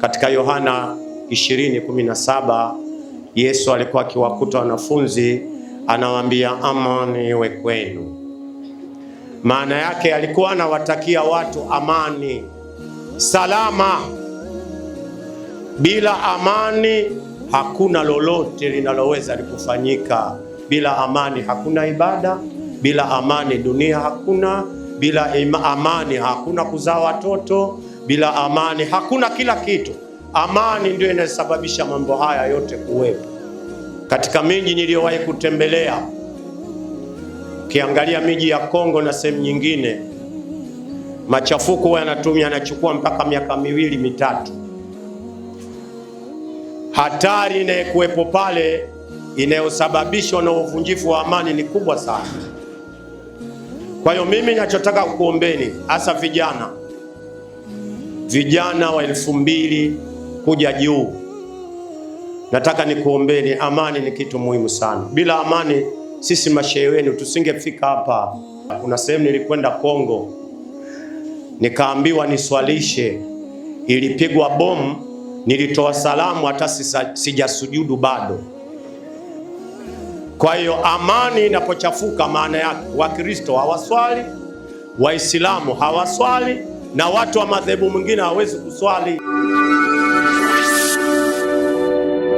Katika Yohana 20:17 Yesu alikuwa akiwakuta wanafunzi anawaambia, amani iwe kwenu. Maana yake alikuwa anawatakia watu amani, salama. Bila amani hakuna lolote linaloweza likufanyika. Bila amani hakuna ibada, bila amani dunia hakuna, bila ima, amani hakuna kuzaa watoto bila amani hakuna kila kitu. Amani ndio inasababisha mambo haya yote kuwepo. Katika miji niliyowahi kutembelea, ukiangalia miji ya Kongo na sehemu nyingine, machafuko huwa yanatumia yanachukua mpaka miaka miwili mitatu. Hatari inayekuwepo pale inayosababishwa na uvunjifu wa amani ni kubwa sana. Kwa hiyo mimi ninachotaka kukuombeni, hasa vijana vijana wa elfu mbili kuja juu, nataka nikuombeni. Amani ni kitu muhimu sana. Bila amani sisi mashehe wenu tusingefika hapa. Kuna sehemu nilikwenda Kongo, nikaambiwa niswalishe, ilipigwa bomu, nilitoa salamu hata sijasujudu bado. Kwa hiyo amani inapochafuka, maana yake Wakristo hawaswali, Waislamu hawaswali na watu wa madhehebu mwingine hawawezi kuswali.